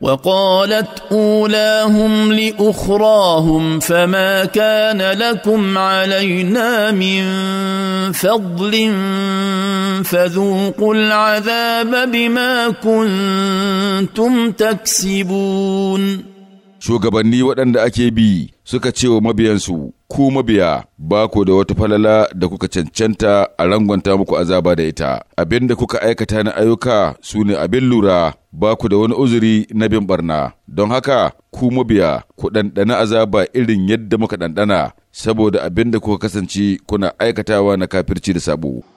وقالت اولاهم لاخراهم فما كان لكم علينا من فضل فذوقوا العذاب بما كنتم تكسبون شو قبني ake bi suka ce wa mabiyansu ku mabiya ba ku da wata falala da kuka cancanta a rangwanta muku azaba da ita abin da kuka aikata na ayyuka su ne abin lura ba ku da wani uzuri na bin barna don haka ku mabiya ku ɗanɗana azaba irin yadda muka ɗanɗana saboda abin da kuka kasance kuna aikatawa na kafirci da sabo